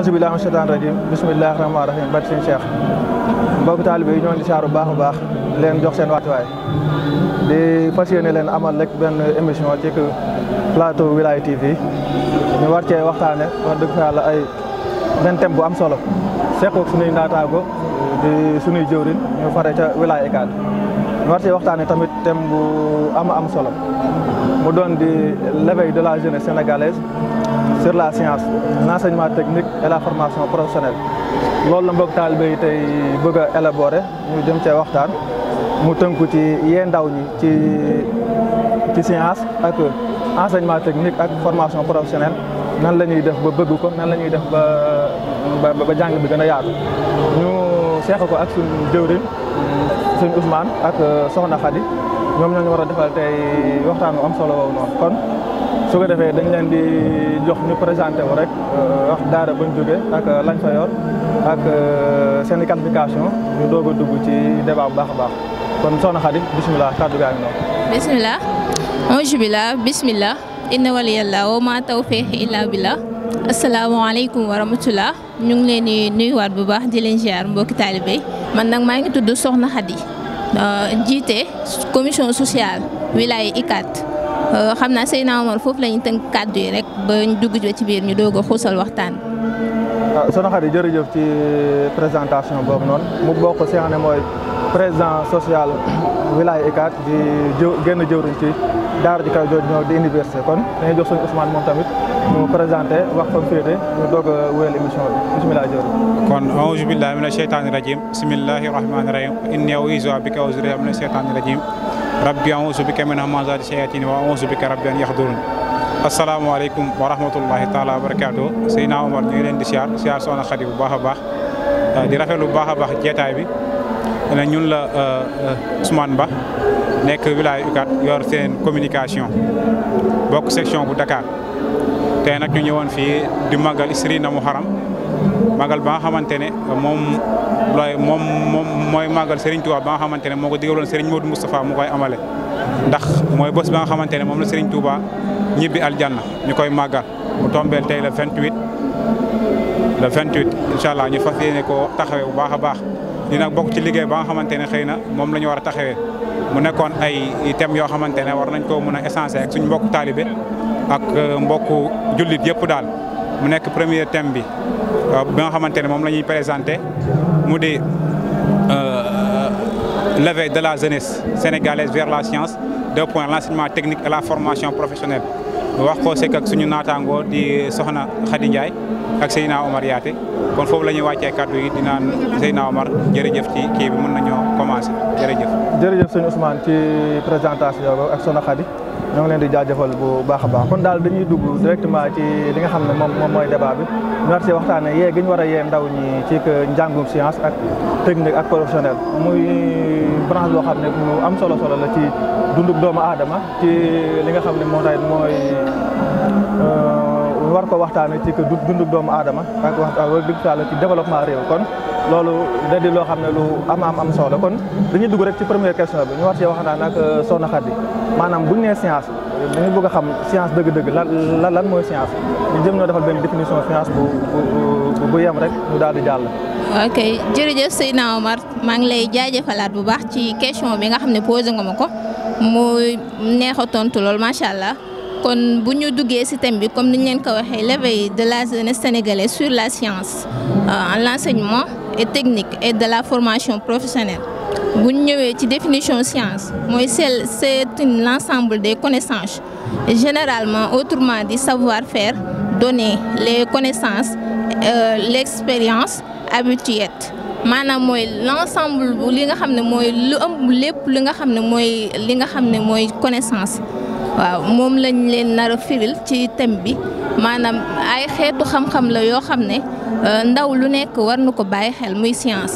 ahousubilah mina sheytaan rajim bisimilah rahmaan rahim bat suñu cheikh mbokk taalibe yi saaru baax baax leen jox seen wàccuwaay di fas yéene leen amal rek benn émission ci plateau Wilaya TV ñu war cee waxtaane wax dëgg fa yàlla ay benn thème bu am solo seqoog suñuy naataago di suñuy jëwrin ñu fare ca Wilaya Ikaad ñu war cee waxtaane tamit thème bu ama am solo mu doon di l'éveil de la jeunesse sénégalaise sur la science l'enseignement technique et la formation professionnelle loolu la mbokk taalibe tey bëgg a élaborer ñu jëm cee waxtaan mu tënku ci yee ndaw ñi ci ci science ak enseignement technique ak formation professionnelle nan la ñuy def ba bëgg ko nan la ñuy def ba ba jàng bi gën a yaatu ñu seex ko ak suñu jëwriñ suñu Ousmane ak Soxna Khady ñoom ñoo ñu war a defal tey waxtaan bu am solo woowu kon su ko defee dañ leen di jox ñu présenté wu rek euh, wax daara buñ jóge ak lañ ak euh, seen i ñu doog dugg ci débat bu baax baax kon soxna Xadi bisimilah kàddu gaa ngi noonu. bisimilah. auzu billah bisimilah. inna waliyallah wa ma tawfiq illa billah. asalaamaaleykum wa rahmatullah ñu ngi leen di nuyuwaat bu baax di leen ziar mbokki taalibe man nag maa ngi tudd soxna Xadi euh, jiite commission sociale wilaya ICAT. Euh, xam naa Seydina Omar foofu la ñu tënk kàddu yi rek ba ñu dugg ci biir ñu doog a xuusal waxtaan ah sunu xarit yi jërëjëf ci présentation boobu noonu mu bokk si xam ne mooy président social wilaya ECAT di jëw génn ci daara ji kaw jooju di université kon dañuy jox suñu Ousmane moom tamit mu présenté wax fa mu féete ñu doog a wéyal émission kon aouzu billahi mina sheytaani rajim bisimilahi rahmaani inni auzu bika wa zurriyyati rabbi a'uuzu bika min hamazaati sayaatiin wa a'uuzu bika rabbi an yaxduruun asalaamaaleykum wa rahmatullahi taala wa barakaatu Seydina Omar ñu ngi leen di siyaar siyaar soxna Xadi bu baax a baax euh, di rafetlu bu baax a baax jeetaay bi ne ñun la euh, euh, Ousmane Ba nekk wilaya UCAD yor seen communication bokk section bu Dakar te nag ñu ñëwoon fii di màggal mu Muharram magal ba nga xamante ne moom looy moom moom mooy magal Serigne Touba ba xamante ne moo ko digaloon Serigne Modou Moustapha mu koy amale ndax mooy bés ba nga xamante ne moom la Serigne Touba ñibbi aljanna ñu koy màggal mu tombeel tey le 28 le 28 incha allah ñu fas yéene koo taxawee bu baax a baax li bokk ci liggéey ba nga xamante ne xëy na moom la ñu war a taxawee mu nekkoon ay thèmes yoo xamante ne war nañ koo mën a essencé ak suñu mbokku taalibe ak euh, mbokku jullit yëpp daal. mu nekk premier thème bi bi nga xamante ne moom la ñuy présenté mu di euh, l'éveil de la jeunesse sénégalaise vers la science deux points l'enseignement technique et la formation professionnelle wax ko sekk ak suñu naataangoo di soxna Khady Ndiaye ak Seyna Omar Yaate kon foofu la ñuy wàccee kàddu yi di naan Seyna Omar jërëjëf ci kii bi mën nañoo commencé jërëjëf. jërëjëf sëñ Ousmane ci présentation ak soxna Khady. ñoo ngi leen di jaajëfal bu baax a baax kon daal dañuy dugg directement ci li nga xam ne moom moom mooy débat bi ñu war yee gi ñu war a yee ndaw ñi ci njàngum science ak technique ak professionnel muy branche boo xam ne mu am solo solo la ci dundub doomu aadama ci li nga xam ne moo tax mooy. Euh, war ko waxtaanee dundu doomu aadama ak waxtaan wala dëgg yàlla ci développement réew kon loolu da loo xam ne lu am am am solo kon dañuy dugg rek ci première question bi ñu war cee waxtaan ak euh, Soxna Khady maanaam bu nee science dañu bëgg xam science dëgg-dëgg lan lan mooy science ñu jëm noo defal benn définition science bu bu bu yem rek daal di jàll. ok jërëjëf Seydina Omar maa ngi lay jaajëfalaat bu baax ci question bi nga xam ne posé nga ma ko mu neex a tontu loolu macha allah. kon bu ñu duggee ci thème bi comme niñ leen ko waxee l'éveil de la jeunesse sénégalaise sur la science en euh, l'enseignement et technique et de la formation professionnelle bu ñu ñëwee ci définition science mooy c'est c'est l'ensemble des connaissances généralement autrement di savoir-faire donner les connaissances euh, l'expérience habituelle maanaam mooy l'ensemble bu li nga xam ne mooy lu ëmb lépp li nga xam ne mooy li nga xam ne mooy connaissance waaw moom lañ leen nar a firil ci thème bi maanaam ay xeetu xam-xam la yoo xam ne euh, ndaw lu nekk war na ko bàyyi xel muy science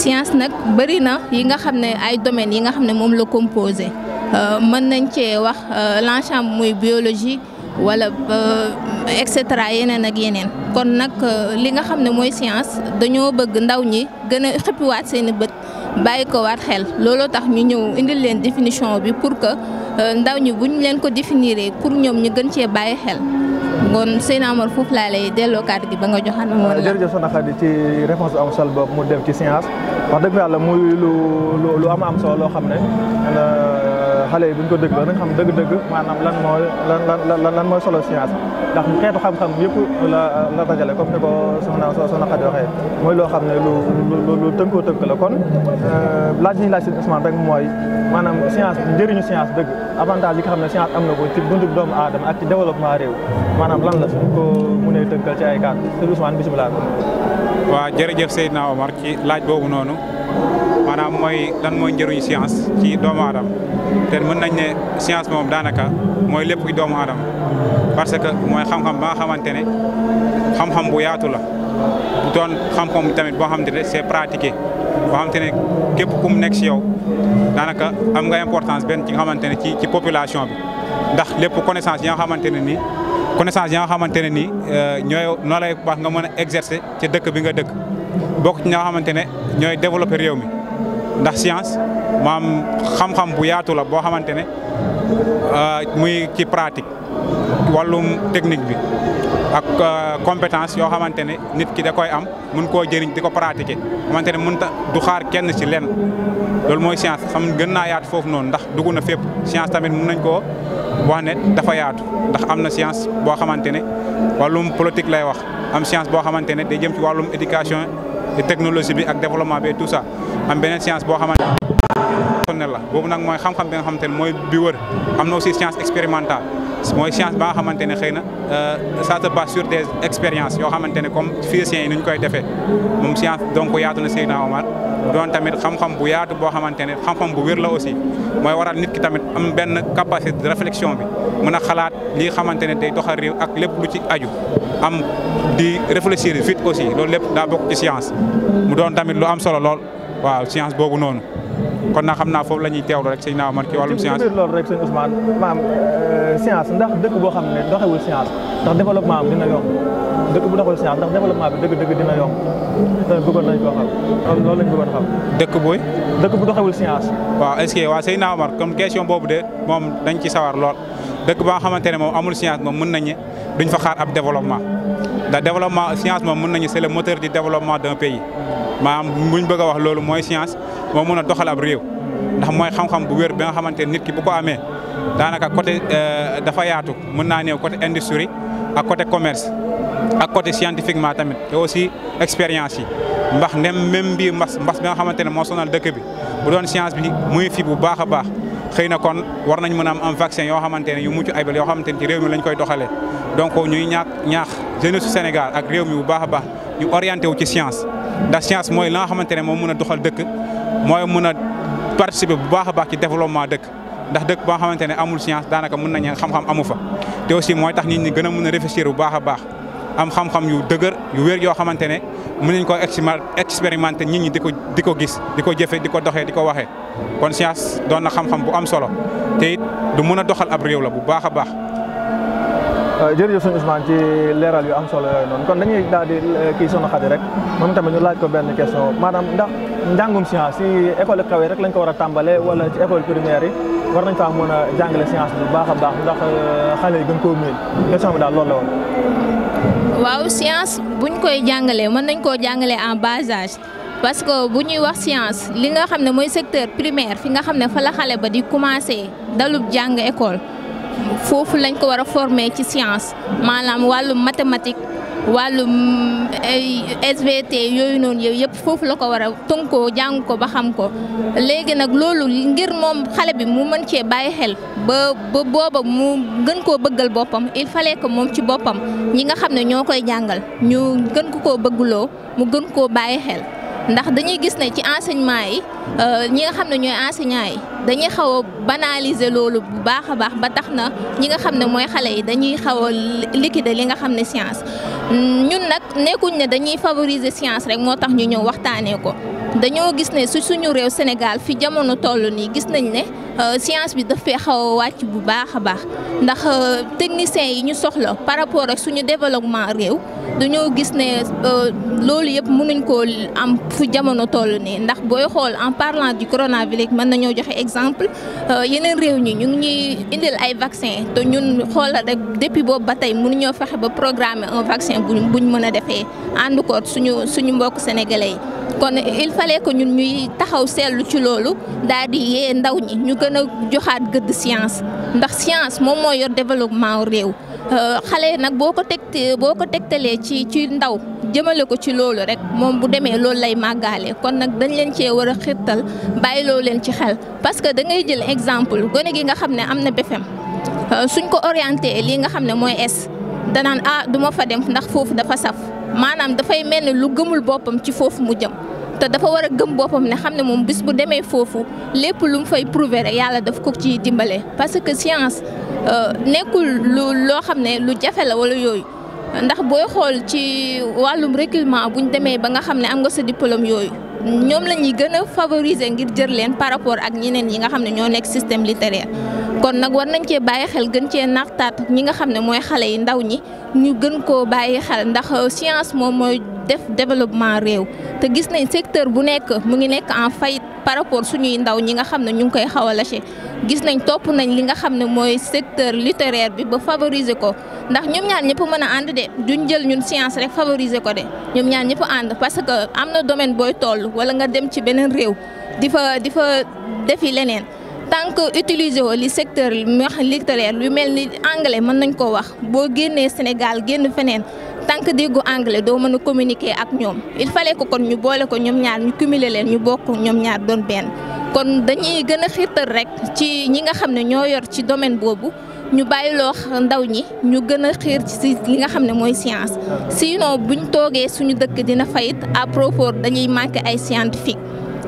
science nag bëri na yi nga xam ne ay domaines yi nga xam ne moom la composé euh, mën nañ cee wax euh, l'ensemble muy biologie wala et cetera yeneen ak yeneen kon nag li nga xam ne mooy science dañoo bëgg ndaw ñi gën a xëppiwaat seeni bët bàyyi ko waat xel looloo tax ñu ñëw indil leen définition bi pour que Euh, ndaw ñi ñu leen ko définir pour ñoom ñu gën cee bàyyi xel kon Seydina Omar foofu laa lay delloo kaat gi ba nga joxaan moom la jërëjëf soxna Khady ci réponse am solo boobu mu def ci science wax dëgg yàlla muy lu lu am am solo loo xam ne xale yi bu ko dégg la nga xam dëgg-dëgg maanaam lan mooy lan lan lan mooy solo science ndax xeetu xam-xam yëpp la la dajale comme ni ko soxna soxna Xadi waxee mooy loo xam ne lu lu lu tënkoo tënk la kon euh, laaj ñuy laaj si Ousmane rek mooy maanaam science njëriñu science dëgg avantage yi nga xam ne science am na ko ci buntu doomu aadama ak ci développement réew maanam lan la suñ ko mënee tënkal ci ay kàddu te Ousmane bisimilah. waaw jërëjëf Seydina Omar ci laaj boobu noonu maanaam mooy lan mooy njëriñu science ci doomu aadama te mën nañ ne science moom daanaka mooy lépp ci doomu aadama parce que mooy xam-xam ba nga xamante ne xam-xam bu yaatu la bu doon xam-xam tamit boo xamante ne c'est pratiqué boo xamante ne képp ku mu nekk si yow daanaka xam nga importance benn ci nga xamante ne ci ci population bi ndax lépp connaissance yi nga xamante ne nii connaissance yi nga xamante ne nii euh, ñooy noo lay baax nga mën a exercer ci dëkk bi nga dëkk bokk ci ñi xamante ne ñooy développer réew mi ndax science maam xam-xam bu yaatu la boo xamante ne euh, muy ci pratique wàllum technique bi ak euh, compétence yoo xamante ne nit ki da koy am mun koo jëriñ di ko pratiquer xamante ne mun ta du xaar kenn ci leen loolu mooy science xam gën naa yaat foofu noonu ndax dugg na fépp science tamit mun nañ ko wax ne dafa yaatu ndax am na science boo xamante ne wàllum politique lay wax am science boo xamante ne day jëm ci wàllum éducation et technologie bi ak développement bi et tout ça am beneen science boo xamante ne la boobu nag mooy xam-xam bi nga xamante ne mooy bi wër am na aussi science expérimental mooy science ba nga xamante ne xëy na euh, ça se base sur des expériences yoo xamante ne comme physiciens yi nu koy defee moom science donc yaatu na Seydina Omar doon tamit xam-xam bu yaatu boo xamante ne xam-xam bu wér la aussi mooy waral nit ki tamit am benn capacité de réflexion bi mën a xalaat lii xamante ne day doxal ak lépp lu ci aju am di réfléchir vite aussi loolu lépp daa bokk ci science mu doon tamit lu am solo lool waaw science boobu noonu kon na xam naa foof la ñuy teewlu rek sëñ naa man ci wàllum science. loolu rek sëñ Ousmane maam euh, science ndax dëkk boo xam ne doxewul science. ndax développement am dina yomb dëkk bu doxul science ndax développement bi dëgg-dëgg dina yomb te bëggoon nañ dëkk buy. dëkk bu doxewul science. waaw est waa que naa Seydina Omar comme question boobu de moom dañ ci sawar lool dëkk ba nga xamante ne moom amul science moom mën nañu duñ fa xaar ab développement ndax développement science moom mën nañu c'est le moteur di développement d'un pays maanaam buñ bëgg wax loolu mooy science moo mën a doxal ab réew ndax mooy xam-xam bu wér bi nga xamante nit ki bu ko amee. daanaka côté euh, dafa yaatu mën naa néew côté industrie ak côté commerce ak côté scientifiquement tamit te aussi expérience yi mbax ndem même bii mbas mbas bi nga xamante ne moo sonal dëkk bi bu doon science bi muy fi bu baax a baax xëy na kon war nañ mën am am vaccin yoo xamante ne yu mucc aybel yoo xamante ne ci réew mi lañ koy doxalee donc ñuy ñaax ñaax jeunesse su Sénégal ak réew mi bu baax a baax ñu orienté wu ci science ndax science mooy la nga xamante ne moo mën a doxal dëkk mooy mën a participer bu baax a baax ci développement dëkk ndax dëkk boo xamante ne amul science daanaka mën nañu xam-xam amu fa te aussi mooy tax nit ñi gën a mën a réfléchir bu baax a baax am xam-xam yu dëgër yu wér yoo xamante ne mën nañ ko expérimente nit ñi di ko di ko gis di ko jëfe di ko doxee di ko waxe kon science doon na xam-xam bu am solo te du mun a doxal ab réew la bu baax a baax Euh, jërëjëf suñu Ousmane ci leeral yu am solo yooyu noonu kon dañuy daal di euh, kii sunu xarit rek moom tamit ñu laaj ko benn question maanaam ndax njàngum science si école kaw yi rek lañ ko war a tàmbale wala ci école primaire yi war nañ faa mën a jàngale science bu baax a baax ndax euh, xale yi gën koo miin question bi daal loolu waaw science buñ koy jàngalee mën nañ koo jàngalee en bas parce que bu ñuy wax science li nga xam ne mooy secteur primaire fi nga xam ne fa la xale ba di commencé dalub jàng école. foofu lañ ko war a former ci science maanaam wàllum mathématique wàllum mm, SVT yooyu noonu yooyu yëpp foofu la ko war a tënkoo jàng ko ba xam ko léegi nag loolu ngir moom xale bi mu mën cee bàyyi xel ba ba booba mu gën koo bëggal boppam il fallait ko moom ci boppam ñi nga xam ne ñoo koy jàngal ñu gën ko koo bëgguloo mu gën koo bàyyi xel. ndax dañuy gis ne ci enseignement yi euh, ñi nga xam ne ñooy enseignants yi dañuy xaw a banaliser loolu bu baax a baax ba tax na ñi nga xam ne mooy xale yi dañuy xaw a liquider li nga xam ne science ñun nag nekkuñ ne dañuy favoriser science rek moo tax ñu ñëw waxtaanee ko. dañoo gis ne su suñu réew Sénégal fi jamono toll nii gis nañ ne euh, science bi daf fee xaw a wàcc bu baax a baax ndax euh, techniciens yi ñu soxla par rapport ak suñu développement réew dañoo gis ne euh, loolu yëpp mënuñ ko am fu jamono toll nii ndax booy xool en parlant du coronavirus mën nañoo joxe exemple yeneen réew ñi ñu ngi ñuy indil ay vaccin te ñun xoolal rek depuis boobu ba tey munuñoo fexe ba programme un vaccin buñ buñ mën a defee ànd ko suñu suñu mbokk sénégalais yi. kon il fallait que ñun ñuy taxaw seetlu ci loolu daal di yee ndaw ñi ñu gën a joxaat gëdd science ndax science moom moo yor développement réew euh, xale nag boo ko tegtee boo ko tegtalee ci ci ndaw jëmale ko ci loolu rek moom bu demee loolu lay màggaale kon nag dañ leen cee war a xirtal bàyyi loo leen ci xel parce que da ngay jël exemple gone gi nga xam ne am na BFEM euh, suñ ko orienté lii nga xam ne mooy S danaan ah duma fa dem ndax foofu dafa saf. maanaam dafay mel ne lu gëmul boppam ci foofu mu jëm te dafa war a gëm boppam ne xam ne moom bis bu demee foofu lépp lu mu fay prouver rek yàlla daf ko ci dimbale parce que science euh, nekkul lu loo xam ne lu jafe la wala yooyu ndax booy xool ci wàllum recrutement bu ñu demee ba nga xam ne am nga sa diplôme yooyu ñoom lañuy ñuy gën a favoriser ngir jër leen par rapport ak ñeneen yi nga xam ne ñoo nekk système littéraire kon nag war nañ cee bàyyi xel gën cee naxtaat ñi nga xam ne mooy xale yi ndaw ñi ñu gën koo bàyyi xel ndax euh, science moom mooy def développement réew te gis nañ secteur bu nekk mu ngi nekk en faillite par rapport suñuy ndaw ñi nga xam ne ñu ngi koy xaw a gis nañ topp nañ li nga xam ne mooy secteur littéraire bi ba favoriser ko ndax ñoom ñaar ñëpp mën a ànd de duñ jël ñun science rek favoriser ko de ñoom ñaan ñëpp ànd parce que am na domaine booy toll wala nga dem ci beneen réew di fa di fa defi leneen. tant que utiliser woo li secteur littéraire lu mel ni anglais mën nañ koo wax boo génnee Sénégal génn feneen tant que déggu anglais doo mën a communiquer ak ñoom il fale ko kon ñu boole ko ñoom ñaar ñu cumuler leen ñu bokk ñoom ñaar doon benn kon dañuy gën a xiirtal rek ci ñi nga xam ne ñoo yor ci domaine boobu ñu bàyyiloo ndaw ñi ñu gën a xiir ci li nga xam ne mooy science sinon ñu toogee suñu dëkk dina fayit à propos dañuy manqué ay scientifique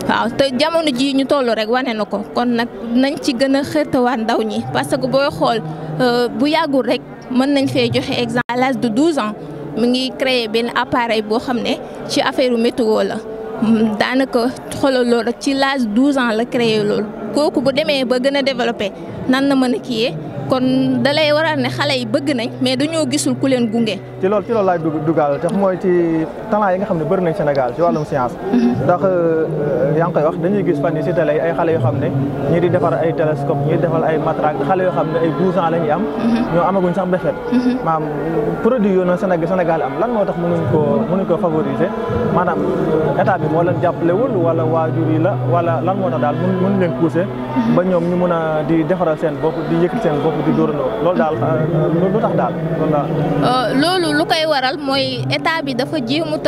waaw te jamono ji ñu toll rek wane na ko kon nag nañ ci gën a xërtawaat ndaw ñi parce que booy xool euh, bu yàggul rek mën nañ fee joxe exemple à de 12 ans mu ngi créé benn appareil boo xam ne ci affaire météo la hmm, daanaka xoolal loolu rek ci l'âge 12 ans la créé lool kooku bu demee ba gën a développé nan na mën a kiyee kon da lay waral ne xale yi bëgg nañ mais dañoo gisul ku leen gunge. ci loolu ci loolu laay dugal tax mooy ci talent yi nga xam ne bari nañ Sénégal ci wàllum science. Mhm. ndax euh, yaa ngi koy wax dañuy gis fan yi si télé yi ay xale yoo xam ne ñi di defar ay télescope ñii di defar ay matraque xale yoo xam ne ay 12 ans la am. Mhm. ñoo amaguñ sax befet. maanaam mhm. produit yooyu noonu Sénégal Sénégal am lan moo tax mënuñ koo mënuñ koo favoriser maanaam euh, état bi moo leen jàppalewul wala waajur yi la wala lan moo tax daal mën mën leen pousser. ba ñoom ñu mën a di defaral seen bopp di yëkkati seen bopp bi di euh, euh, loolu lu koy waral mooy état bi dafa jéemut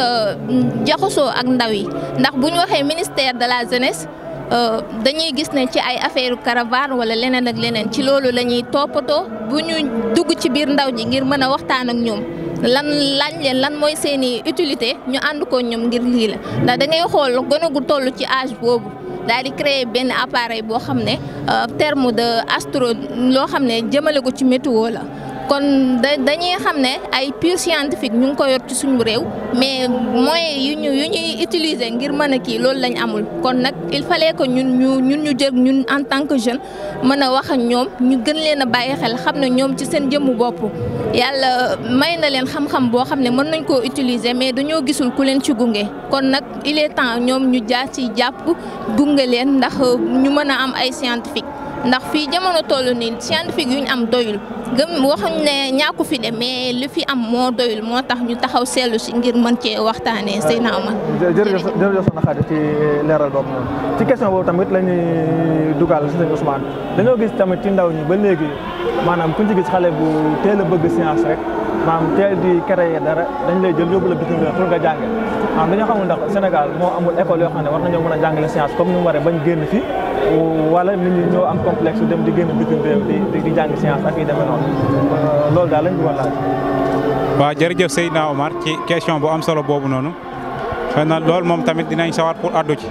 jaxusoo ak ndaw yi ndax bu ñu waxee ministère de la jeunesse. Euh, dañuy gis ne ci ay affaire caravane wala leneen ak leneen ci loolu la ñuy toppatoo bu ñu dugg ci biir ndaw ji ngir mën a waxtaan ak ñoom lan lañ leen lan mooy seeni utilité ñu ànd ko ñoom ngir lii la ndax da xool gone gu ci âge boobu. daal di créer benn appareil boo xam ne euh, terme de astro loo xam ne jëmale ko ci météo la kon da dañuy xam ne ay pur scientifique ñu ngi ko yor ci suñu réew mais moyens yu ñu yu ñuy utiliser ngir mën a kii loolu lañ amul kon nag il fallait que ñun ñu ñun ñu jël ñun en tant que jeune mën a wax ak ñoom ñu gën leen a bàyyi xel xam ne ñoom ci seen jëmmu bopp yàlla may na leen xam-xam boo xam ne mën nañ koo utiliser mais dañoo gisul ku leen ci gunge kon nag il est temps ñoom ñu jaar ci jàpp gunge leen ndax ñu mën a am ay scientifique ndax fii jamono toll nii scientifique yu ñu am doyul gëm waxuñ ne ñaaku fi de mais li fi am moo doyul moo tax ñu taxaw seetlu si ngir mën cee waxtaanee Seyna Omar. jërëjëf jërëjëf soxna Khady ci leeral boobu noonu ci question boobu tamit la dugal si sëñ Ousmane dañoo gis tamit ci ndaw ñi ba léegi maanaam ku ñu ci gis xale bu teel a bëgg science rek maanaam teel di créer dara dañ lay jël yóbbu la bitim réew pour nga jànge maanaam dañoo xamul ndax Sénégal moo amul école yoo xam ne war nañoo mën a jàngale science comme ni waree bañ génn fii wala nit ñi ñoo am complexe dem di génn bitim réew di di jàng science ak yi demee noonu euh, loolu daal lañ bëggoon laaj. waaw jërëjëf Seydina Omar ci question bu am solo boobu noonu xëy na loolu moom tamit dinañ sawar pour addu ci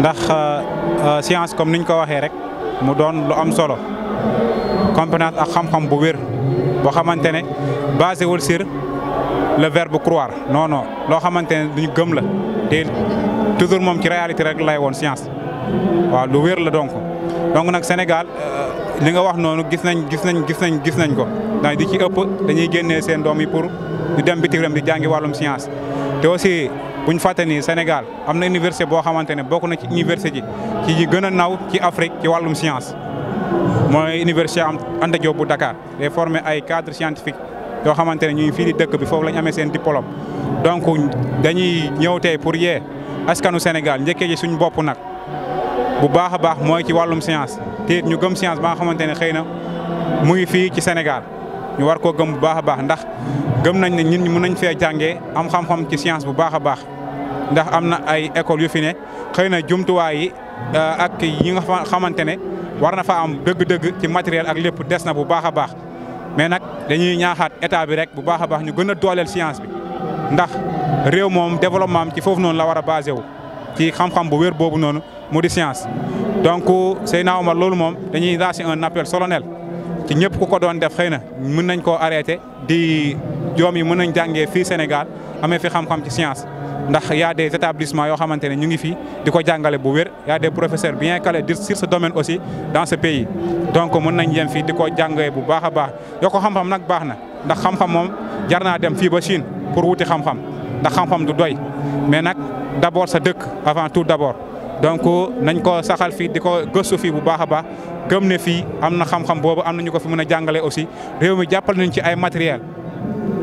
ndax euh, euh, science comme niñ ko waxee rek mu doon lu am solo compétence ak xam-xam bu wér boo xamante ne basé wul sur le verbe croire non loo xamante ne duñu gëm la te toujours moom ci réalité rek lay woon science. waaw lu wér la donc donc nag Sénégal euh, li nga wax noonu gis nañ gis nañ gis nañ gis nañ ko ndax di ci ëpp dañuy génnee seen doom yi pour ñu dem bitim réew di jàngi wàllum science te aussi bu ñu fàtte ni Sénégal am na université boo xamante ne bokk na ci université ji ci yi gën a naw ci Afrique ci wàllum science mooy université Anta Diop bu Dakar day former ay cadre scientifique yoo xamante ne ñu fii di dëkk bi foofu lañ ñu amee seen diplôme donc dañuy ñëw pour yee askanu Sénégal njëkkee ci suñu bopp nag bu baax a baax mooy ci wàllum science te it ñu gëm science ba nga xamante ne xëy na mu ngi fii ci Sénégal ñu war koo gëm bu baax a baax ndax gëm nañ ne ñun mën nañ fee jàngee am xam-xam ci science bu baax a baax ndax am na ay école yu fi ne xëy na jumtuwaayi yi euh, ak yi nga xamante ne war na fa am dëgg-dëgg ci matériel ak lépp des na bu baax a baax mais nag dañuy ñaaxaat état bi rek bu baax a baax ñu gën a dooleel science bi ndax réew moom développement ci foofu noonu la war a basé wu ci xam bu wér boobu noonu mu di science donc Seydina Omar loolu moom dañuy lancer un appel solennel ci ñëpp ku ko doon def xëy na mën nañ koo arrêté di doom yi mën nañ jàngee fii Sénégal amee fi xam-xam ci science ndax y a des établissements yoo xamante ne ñu ngi fi di ko jàngale bu wér y a des professeurs bien calés sur ce domaine aussi dans ce pays donc mën nañ yem fii di ko jàngee bu baax a baax yoo ko xam-xam nag baax na ndax xam-xam moom jar naa dem fii ba Chine pour wuti xam-xam ndax doy mais nag d'abord sa dëkk avant tout d'abord donc nañ ko saxal fii di ko gëstu fii bu baax a baax gëm ne fii am na xam-xam boobu am na ñu ko fi mën a jàngale aussi réew mi jàppal nañ ci ay matériel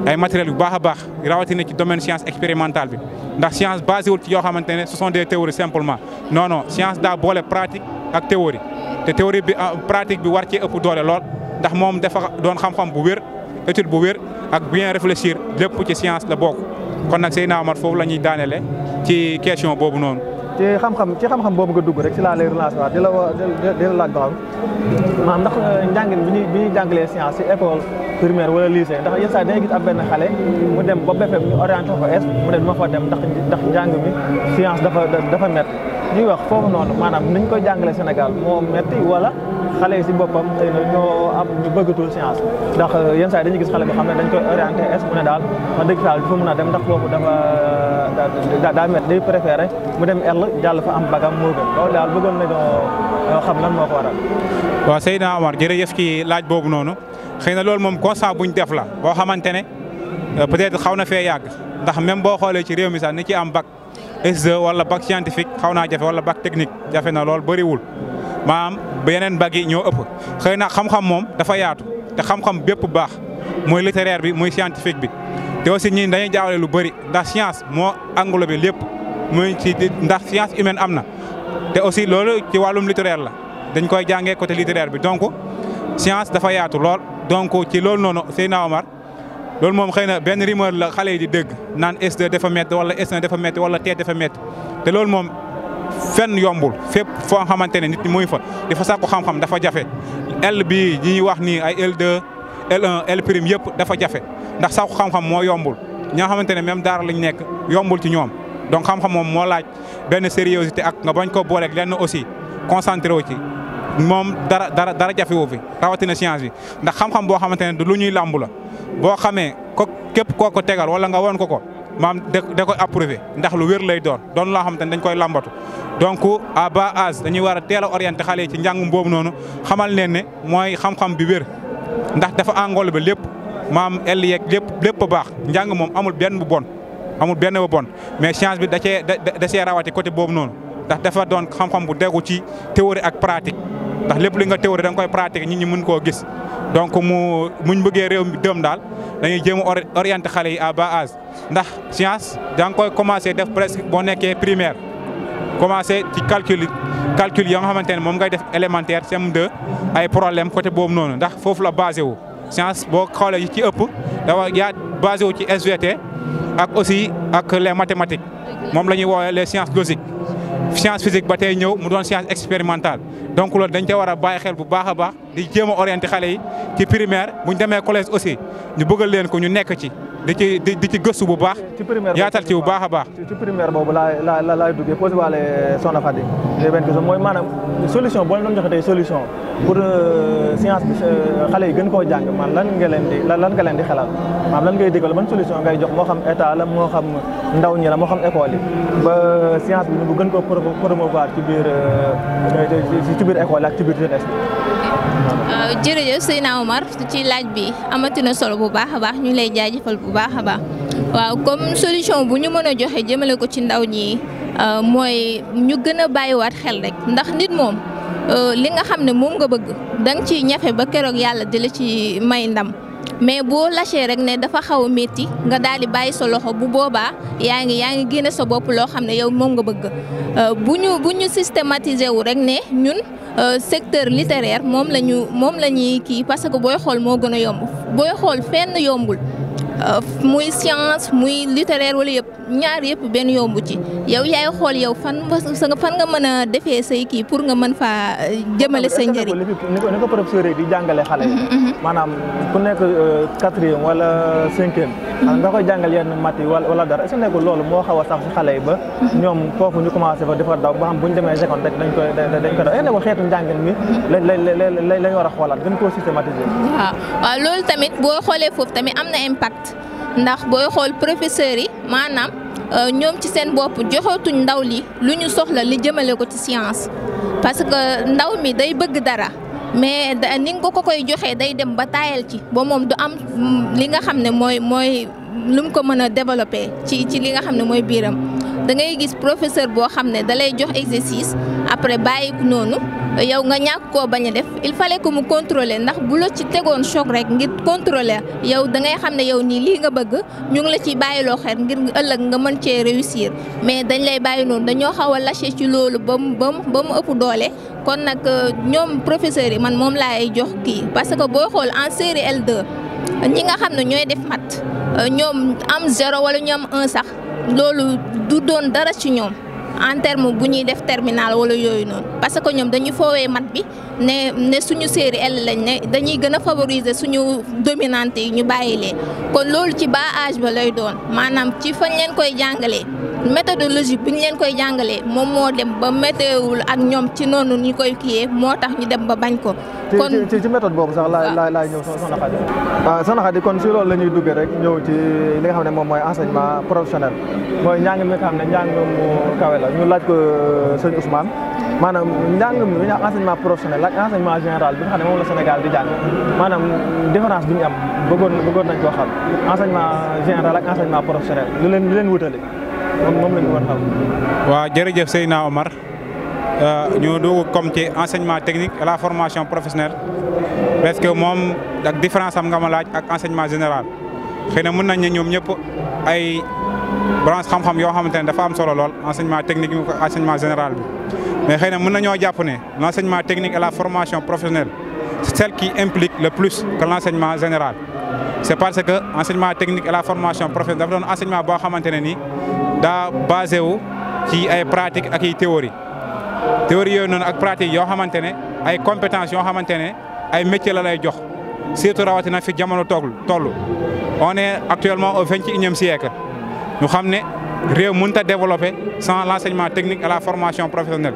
ay matériel bu baax a baax rawatina ci domaine science expérimentale bi ndax science basé wul ci yoo xamante ne ce sont des théories simplement non non science daa boole pratique ak théorie te théorie bi ah, pratique bi war ci ëpp doole lool ndax moom dafa doon xam-xam bu wér étude bu wér ak bien réfléchir lépp ci science la bokk kon nag Seydina Omar foofu la ñuy daanelee ci question boobu noonu. ci xam-xam ci xam boobu ga dugg rek si laa lay relance waat di la wa di la laaj ba xam ndax euh, njàngin bi ñuy bi ñuy jàngalee science si école primaire wala lycée ndax yenn saa yi dañuy gis ab benn xale mu dem ba BFEM ñu orienté ko est mu ne ma fa dem ndax ndax njàng mi science dafa dafa métti ñuy wax foofu noonu maanaam niñ ko jàngalee Sénégal moo métti wala xale yi si boppam xëy na ñoo am ñu bëggatul science ndax euh, yenn saa yi dañuy gis xale boo xam ne dañ koy orienté es mu ne daal wax dëgg daal du fa mën a dem ndax foofu dafa euh, daa mu dem el jàll fa am bagam moo gën loolu daal bëggoon nañoo euh, xam na moo ko waral waaw jërëjëf ci laaj boobu noonu xëy na loolu moom constat buñ def la boo xamante ne peut-être xaw na fee yàgg ndax même boo xoolee ci réew mi sax ni ci am bag S2 wala bac scientifique xaw naa jafe wala bac technique jafe na lool bariwul maanaam yeneen bag yi ñoo ëpp xëy na xam-xam moom dafa yaatu te xam-xam bépp baax muy littéraire bi muy scientifique bi te aussi ñi dañuy jaawale lu bëri ndax science moo bi lépp muy ci ndax science humaine am na te aussi loolu ci wàllum littéraire la dañ koy jàngee côté littéraire bi donc science dafa yaatu lool donc ci loolu noonu Seydina Omar loolu moom xëy na benn rumeur la xale yi di dégg naan S2 dafa métti wala S1 dafa wala T dafa fenn yombul fépp foo xamante ne nit ñi muy fa di fa sàkku xam-xam dafa jafe L bi ñi wax ni ay L2 L1 L prime yëpp dafa jafe ndax sàkku xam-xam moo yombul ñoo xamante ne même daara lañ nekk yombul ci ñoom donc xam-xam moom moo laaj benn sérieuxité ak nga bañ ko booleeg lenn aussi concentré wu ci moom dara dara dara jafe woo fi rawatina science bi ndax xam-xam boo xamante ne du lu ñuy làmb la boo xamee ko képp koo ko tegal wala nga woon ko ko maam da koy approuvé ndax lu wér lay doon doon loo xam te ne dañ koy lambatu donc à bas âge ñuy war a teel a orienté xale yi ci njàngum boobu noonu xamal leen ne mooy xam-xam bi wér ndax dafa englobé lépp maam ell yeeg lépp lépp baax njàng moom amul benn bu bon amul benn bu bon mais science bi da cee da cee rawati côté boobu noonu ndax dafa doon xam-xam bu degu ci théorie ak pratique ndax lépp li nga théorie da nga koy pratiquer nit ñi mun koo gis donc mu muñ buggee réew mi dëm daal dañuy jéem a orienté xale yi à bas ndax science da koy commencé def presque boo nekkee primaire commencé ci calcul calcul ya nga xamante ne moom ngay def élémentaire CM2 ay problème côté boobu noonu ndax foofu la basé wu science boo xoolee yi ci ëpp dafa yaa basé wu ci SVT ak aussi ak les mathématiques moom la ñuy woowee les sciences logiques science physique ba tey ñëw mu doon science expérimentale donc loolu dañ ca war a bàyyi xel bu baax a baax di jéem a orienté xale yi ci primaire bu ñu demee collège aussi ñu bëggal leen ko ñu nekk ci. di ci di ci gëstu bu baax. yaatal ci bu baax a baax. ci primaire boobu laay laay laay duggee posé waale soxna Fatick. léegi benn question mooy solution boo leen doon joxe tey solution pour euh, science bi xale yi gën koo jàng man lan nga leen di lan nga leen di xelal maanaam lan ngay digal man solution ngay jox moo xam état la moo xam ndaw ñi moo xam école yi ba science bi ñu gën koo promouvoir ci biir euh, ci biir école ak ci biir jeunesse bi. Euh, jërëjëf Seyna Omar ci laaj bi amatina solo bu baax a baax ñu lay jaajëfal bu baax a baax waaw comme solution bu ñu mëna joxee joxe jëmale ko ci ndaw ñi euh, mooy ñu gën a bàyyiwaat xel rek ndax nit moom euh, li nga xam ne moom nga bëgg danga ciy ñafe ba keroog yàlla di la ci may ndam. mais boo lâché rek ne dafa xaw a métti nga daal di bàyyi sa loxo bu boobaa yaa ngi yaa ngi génne sa bopp loo xam ne yow moom nga bëgg euh, bu ñu bu ñu systématiser wu rek ne ñun euh, secteur littéraire moom la ñu moom la ñuy kii parce que booy xool moo gën a yomb booy xool fenn yombul. Euh, muy science muy littéraire wala yëpp ñaar yëpp benn yombu ci yow yaay xool yow fan fan nga mën a defee say kii pour nga man faa euh, jëmale sa njëriñ. ni ko ni ko professeur di jàngale xale yi. Mm-hmm, mm-hmm. maanaam ku nekk euh, quatrième wala cinquième. Mm-hmm. nga koy jàngal yenn mat yi wala dara est-ce que nekkul loolu moo xaw a sax xale yi ba. ñoom foofu ñu commencé fa defar daw ba xam bu ñu demee seconde dañ koy dañ koy daw xeetu njàngin mi. lañ lañ war a xoolaat gën koo systématiser. waaw ndax booy xool professeurs yi maanaam euh, ñoom ci seen bopp joxatuñ ndaw li lu ñu soxla li jëmale ko ci science parce que ndaw mi day bëgg dara mais ni nga ko koy joxee day dem ba taayal ci ba moom du am mm, li nga xam ne mooy mooy lu mu ko mën a développer ci ci li nga xam ne mooy biiram. da ngay gis professeur boo xam ne da lay jox exercice après bàyyi ko noonu yow nga ñàkk koo bañ a def il fallait que mu contrôler ndax bu la ci tegoon choc rek ngir contrôler yow da ngay xam ne yow nii lii nga bëgg ñu ngi la ciy bàyyiloo xel ngir ëllëg nga mën cee réussir mais dañ lay bàyyi noonu dañoo xaw a lâché ci loolu ba mu ba ba mu ëpp doole kon nag euh, ñoom professeurs yi man moom laay jox kii parce que boo xool en séeré L2 ñi nga xam ne ñooy def mat euh, ñoom am zéro wala ñu am un sax. loolu du doon dara ci ñoom en terme bu ñuy def terminal wala yooyu noonu parce que ñoom dañuy foowee mat bi ne ne suñu série L lañ ne dañuy gën a favoriser suñu dominante yi ñu bàyyi leen kon loolu ci ba age ba lay doon maanaam ci fa leen koy jàngalee méthodologie bu ñu leen koy jàngalee moom moo dem ba météowul ak ñoom ci noonu ñu koy kiyee moo tax ñu dem ba bañ ko. kon ci ci méthode boobu sax laa laa laa ñëw soxna Khady. waaw ah, soxna Khady kon si loolu la ñuy duggee rek ñëw ci li nga xam ne moom mooy enseignement professionnel mooy njàng mi nga xam ne njàng mu kawe ñu laaj ko euh, sëñ Ousmane. maanaam njàng mi li ñuy wax enseignement professionnel ak enseignement général bi nga xam ne moom la Sénégal di jàng maanaam différence bi ñu am bëggoon bëggoon nañ koo xam enseignement général ak enseignement professionnel lu leen lu leen wutale. moom moom la waaw jërëjëf Seydina Omar euh, ñu dugg comme ci enseignement technique et la formation professionnelle parce que moom ak différence am nga ma laaj ak enseignement général xëy na mën nañ ne ñoom ñëpp ay branche xam-xam yoo xamante ne dafa am solo lool enseignement technique bi ak enseignement général bi mais xëy na mën nañoo jàpp ne l' enseignement technique et la formation professionnelle c' est celle qui implique le plus que l' enseignement général. c' est parce que enseignement technique la formation professionnelle dafa xamante ne nii daa basé wu ci ay pratique ak ay théorie théorie noonu ak pratique yoo xamante ne ay compétence yoo xamante ne ay métier la lay jox surtout rawatina fi jamono toll toll on est actuellement au vingt et unième siècle ñu xam ne réew mënut a développer sans l'enseignement technique et la formation professionnelle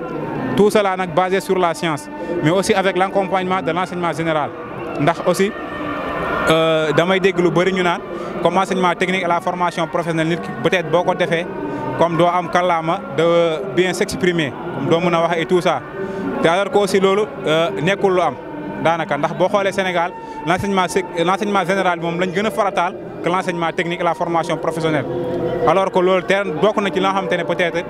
tout cela nag basé sur la science mais aussi avec l'accompagnement de l'enseignement général ndax aussi Euh, damay dégg lu bëri ñu naan comme enseignement technique la formation professionnelle nit ki peut-être boo ko defee comme doo am kàllaama de bien s'exprimer doo mën a wax et tout ça te alors que aussi loolu euh, nekkul lu am daanaka ndax boo xoolee Sénégal l'enseignement l'enseignement général moom lañ gën a farataal que l'enseignement technique la formation professionnelle alors que loolu teel bokk na ci la nga xamante ne peut-être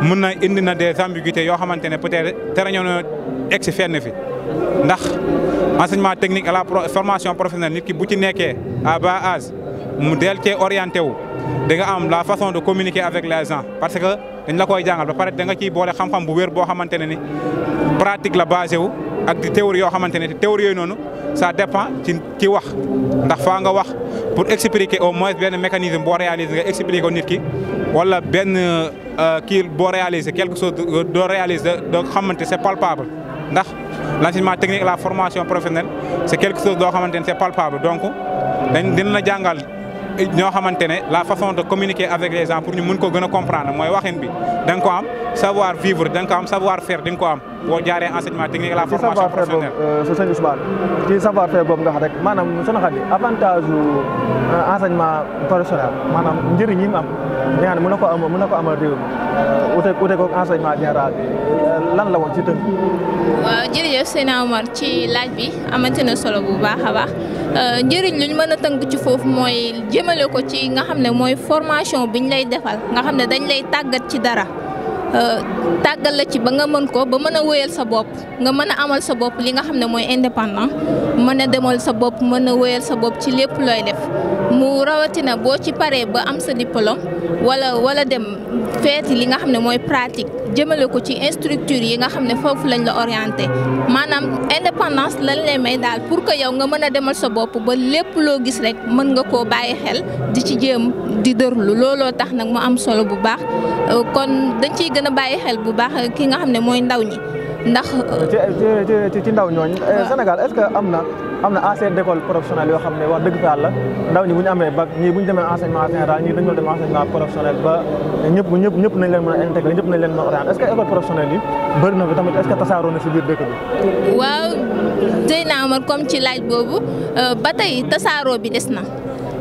mën na indi na des ambiguïtés yoo xamante ne peut-être terañoo na egg si fenn fi. ndax enseignement technique à la formation professionnelle nit ki bu ci nekkee a bas âge mu del cee orienté wu da nga am la façon de communiquer avec les gens parce que dañ la koy jàngal ba pare da nga ciy boole xam-xam bu wér boo xamante ne ni pratique la basé wu ak di théorie yoo xamante ne te théorie yooyu noonu ça dépend ci ci wax ndax faa nga wax pour expliquer au moins benn mécanisme boo réaliser nga expliquer nit ki wala benn euh, kii boo réaliser quelque chose doo réaliser doo xamante c'est palpable l'enseignement technique et la formation professionnelle c'est quelque chose doo xamante ne c'est palpable donc dañ dina la jàngal ñoo xamante ne la façon de communiquer avec les gens pour ko gën a comprendre mooy waxin bi da nga ko am savoir vivre da ko am savoir faire di nga ko am boo jaaree enseignement technique la formation professionnelle ci savoir faire boobu sëñ Ousmane ci savoir faire boobu nga xam rek maanaam soxna Khady avantage euh, enseignement professionnel maanaam njëriñ am nga xam ne mën na ko am mën na ko amal réew mi euh, ute ute ko enseignement général bi euh, lan la woon ci tënk. waaw am Seydina Omar ci laaj bi amante na solo bu baax a Euh, njëriñ lu ñu mën a tënk ci foofu mooy jëmale ko ci nga xam ne mooy formation bi ñu lay defal nga xam ne dañ lay tàggat ci dara euh, tàggal la ci ba nga mën ko ba mën a wéyal sa bopp nga mën a amal sa bopp li nga xam ne mooy indépendant mën a demal sa bopp mën a wéyal sa bopp ci lépp looy def mu rawatina boo ci paree ba am sa diplôme wala wala dem. feeti li nga xam ne mooy pratique jëmale ko ci structure yi nga xam ne foofu lañ la orienté maanaam indépendance la lay may daal pour que yow nga mën a demal sa bopp ba lépp loo gis rek mën nga koo bàyyi xel di ci jéem di dërlu looloo tax nag mu am solo bu baax kon dañ ciy gën a bàyyi xel bu baax ki nga xam ne mooy ndaw ñi ndax. ci ci ndaw ñooñ eh, Sénégal est-ce que am na am na assez d'école professionnelle yoo xam ne wax dëgg fa yàlla ndaw ñi bu ñu amee bac ñii bu ñu demee enseignement général ñii dañoo dem enseignement professionnel ba ñëpp ñëpp ñëpp nañ leen mën a intégré ñëpp nañ leen mën a orienté école professionnelle yi bëri na fi tamit est-ce que tasaaroo na si biir dëkk bi. waaw Seydina Omar comme ci laaj boobu euh, ba tey tasaaroo bi des na.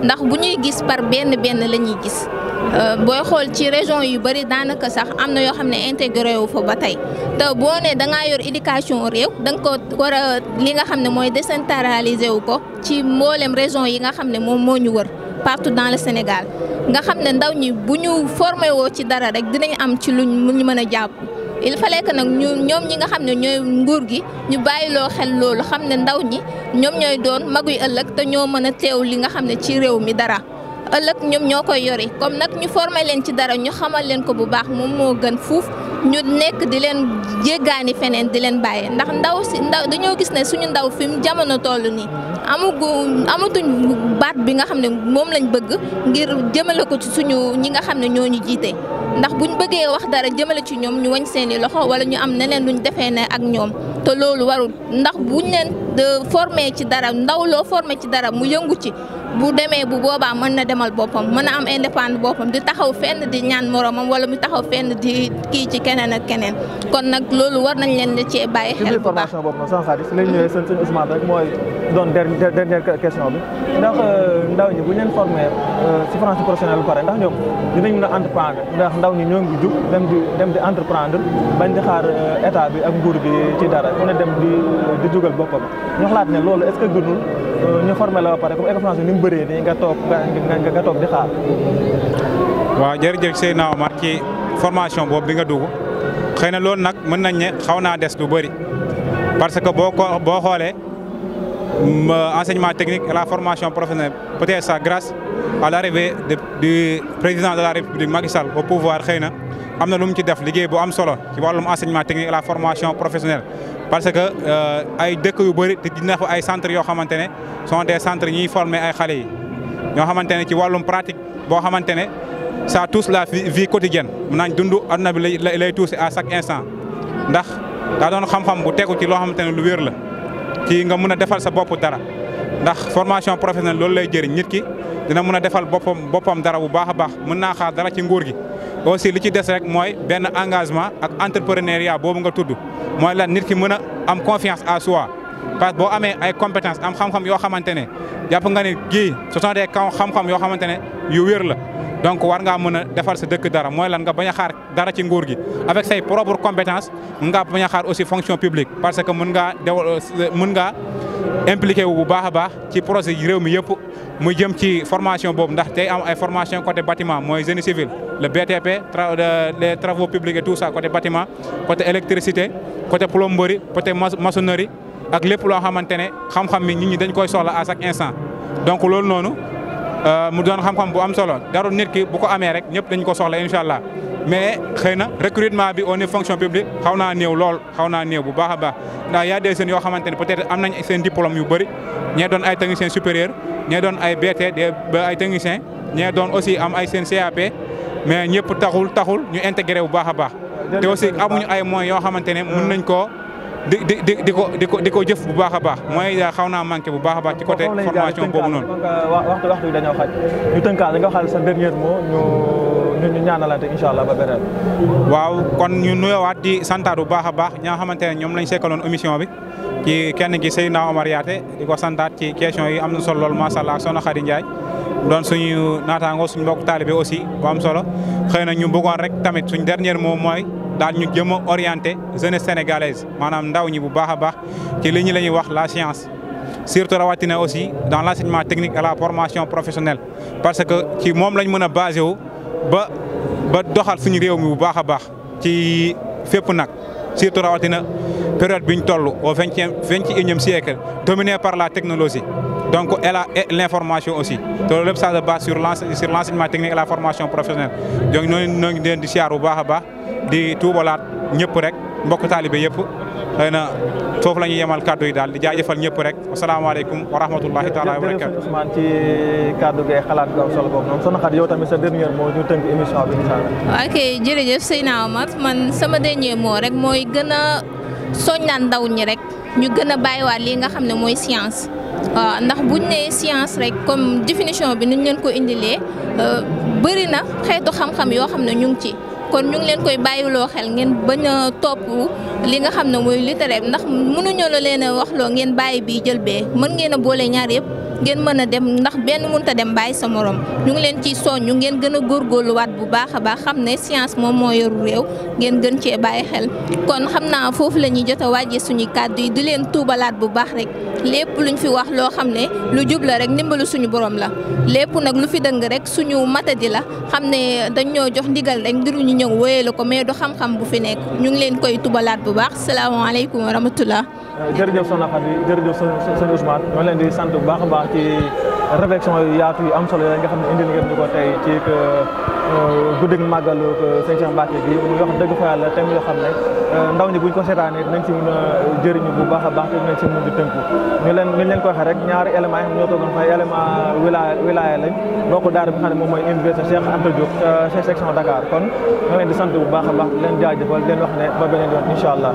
ndax bu ñuy gis par benn benn la ñuy gis euh, booy xool ci région yu bëri daanaka sax am na yoo xam ne intégré wu fa ba tey te boo ne da ngaa yor éducation réew da nga ko war a li nga xam ne mooy décentralisé wu ko ci mboolem région yi nga xam ne moom moo ñu wër partout dans le Sénégal nga xam ne ndaw ñi bu ñu formé woo ci dara rek dinañ am ci luñ mu ñu mën a jàpp. il fa que nag ñu ñoom ñi nga xam ne ñooy nguur gi ñu bàyyiloo xel loolu xam ne ndaw ñi ñoom ñooy doon maguy ëllëg te ñoo mën a teew li nga xam ne ci réew mi dara ëllëg ñoom ñoo koy yore comme nag ñu former leen ci dara ñu xamal leen ko bu baax moom moo gën fuuf ñu nekk di leen jéggaani feneen di leen bàyyi ndax ndaw si ndaw dañoo gis ne suñu ndaw fi mu jamono toll nii amugu amatuñ baat bi nga xam ne moom lañ bëgg ngir jëmale ko ci suñu ñi nga xam ne ñoo ñu jiite. ndax buñ bëggee wax dara jëmale ci ñoom ñu wañ seeni loxo wala ñu am neneen ñu defee ne ak ñoom te loolu warul ndax buñ leen de formé ci dara ndaw loo formé ci dara mu yëngu ci. bu demee bu boobaa mën na demal boppam mën a am indépendant boppam di taxaw fenn di ñaan moroomam wala mu taxaw fenn keneen ak keneen kon nag loolu war nañ leen cee bàyyi xel bu baax formation boobu sans xaalis lañ ñëwee seen seen Ousmane rek mooy doon dernière question bi ndax euh, ndaw ñi bu leen formé euh, ci formation professionnelle bu pare ndax ñoom dinañ mën a entreprendre ndax ndaw ñi ñoo ngi jug dem di dem di entreprendre bañ di xaar euh, état bi ak nguur bi ci dara ku ne dem di di dugal boppam ñu xalaat ne loolu est-ce que gënul ñu formé la ba pare comme école ni mu bëree nii nga toog nga nga toog di xaar. waaw jërëjëf Seydina Omar ci formation boobu bi nga dugg xëy na loolu nag mën nañ ne xaw naa des lu bëri parce que boo ko boo xoolee mm, enseignement technique la formation professionnelle peut-être ça grâce à l'arrivée du président de la République Macky Sall au pouvoir xëy na am na lu mu ci def liggéey bu am solo ci wàllum enseignement technique la formation professionnelle. parce que euh, ay dëkk yu bëri te dina fa ay centres yoo xamante ne sont des centres ñuy former ay xale yi. ñoo xamante ne ci wàllum pratique boo xamante ne ça touche la vie quotidienne mun naañ dund adduna bi lay lay touché à chaque instant ndax daa doon xam-xam bu tegu ci loo xamante ne lu wér la ci nga mun a defal sa bopp dara ndax formation professionnelle loolu lay jëriñ nit ki dina mun a defal boppam boppam dara bu baax a baax mën naa xaar dara ci nguur gi. aussi li ci des rek mooy benn engagement ak entrepreneuriat boobu nga tudd mooy la nit ki mën a am confiance à soi. parce que boo amee ay compétence am xam-xam yoo xamante ne jàpp nga ne gii ce sont des xam yoo xamante ne yu wér la donc war ngaa mën a defar sa dëkk dara mooy lan nga bañ a xaar dara ci nguur gi avec say propre compétence mën ngaa bañ xaar aussi fonction publique parce que mën ngaa euh, mën ngaa impliqué wu bu baax a baax ci projet yi réew mi yëpp mu jëm ci formation boobu ndax te am ay formation côté bâtiment mooy génie civil le BTP euh, les travaux publics et tout ça côté bâtiment côté électricité côté plomberie côté maçonnerie ak lépp loo xamante ne xam-xam mi nit ñi dañ koy soxla à chaque instant donc loolu noonu euh, mu doon xam-xam bu am solo darul nit ki bu ko amee rek ñëpp dañ ko soxla incha allah mais xëy na recrutement bi au niveau fonction publique xaw naa néew lool xaw naa néew bu baax a baax ndax a des jeunes yoo xamante ne peut-être am nañ seen diplôme yu bëri ñee doon ay technicien supérieur ñee doon ay BT des ba ay technicien ñee doon aussi am ay seen mais ñëpp taxul taxul ñu intégré bu baax a baax te aussi amuñu ay moyens yoo xamante ne mën nañ ko di di di di ko di ko di ko jëf bu baax a baax mooy euh, xaw naa manqué bu baax a baax ci côté formation boobu noonu waxtu waxtu bi dañoo xaj ñu tënkaat nga xam sa dernier mot ñu ñu ñaanalante incha allah ba beneen waaw kon ñu waat di santaat bu baax a baax ñaa nga xamante ne ñoom lañ sekkaloon émission bi kenn ki sey na Omar Yaate di ko santaat ci question yi am na solo lool macha allah ak soxna Khady Ndiaye doon suñu naataango suñu mbokk taalibe aussi bu am solo xëy na ñu bëggoon rek tamit suñ dernier mot mooy daal ñu jëm a orienté jeunesse sénégalaise maanaam ndaw ñi bu baax a baax ci li ñu la ñuy wax la science surtout rawatina aussi dans l'enseignement technique et la formation professionnelle parce que ci moom lañ mën a basé wu ba ba doxal suñu réew mi bu baax a baax ci fépp nag surtout rawatina période biñ toll au vingtième vingt et unième siècle dominé par la technologie donc et la et l'information aussi te loolu lépp ça se base sur l' sur l'enseignement formation professionnelle donc ñooñu ñoo ngi leen di siyaar bu baax a baax di tuubalaat ñëpp rek mbokk taalibe yëpp xëy na foofu yemal kàddu yi daal di jaajëfal ñëpp rek asalaamaaleykum wa rahmatullahi taala wa barakatu jërëjëf Ousmane ci kàddu gi xalaat gu sa dernier mot ñu tënk émission bi incha allah. ok jërëjëf Seydina Omar man sama dernier mot rek mooy gën a soññaan ndaw ñi rek ñu gën a bàyyiwaat lii nga xam ne mooy science waaw ah, ndax buñ ne science rek comme définition bi niñ leen ko indilee euh, bëri na xeetu xam-xam yoo xam ne ñu ngi ci kon ñu leen koy bàyyiloo xel ngeen bañ a topp li nga xam ne mooy littéraire ndax mënuñu la leen a wax ngeen bàyyi bi jël bee mën ngeen a boole ñaar yëpp. ngeen mën a dem ndax benn mënut a dem bàyyi sa moroom ñu ngi leen ciy soññu ngeen gën a góorgóorluwaat bu baax a baax xam ne science moom moo yoru réew ngeen gën cee bàyyi xel kon xam naa foofu la ñuy jot a wàjjee suñuy kàddu yi di leen tuubalaat bu baax rek lépp lu ñu fi wax loo xam ne lu jub la rek ndimbalu suñu borom la lépp nag lu fi dëng rek suñu di la xam ne dañ ñoo jox ndigal rek ngir ñu ñëw wéyale ko mais du xam-xam bu fi nekk ñu ngi leen koy tubalaat bu baax salaamaaleykum wa rahmatullah jërëjëf soxna Khady jërëjëf sëñ Ousmane ñoo leen di sant bu baax a baax ci réflexion yu yaatu yu am solo yooyu nga xam ne indil ngeen ñu ko tey ci euh, guddig màggalu sëñ Cheikh Mbacke bi muy wax dëgg fa yàlla thème yoo xam ne euh, ndaw ñi buñ ko seetaanee dinañ si mën a jëriñu bu baax a baax te dinañ si mën di tënku ñu leen ñu leen ko waxee rek ñaari éléments yi xam ñoo toogoon fa élément wilaya wilaya lañ bokk daara bi nga xam ne moom mooy université Cheikh Anta Diop chef section Dakar kon ñoo leen di sant bu baax a baax leen jaaj leen wax ne ba beneen yoon incha allah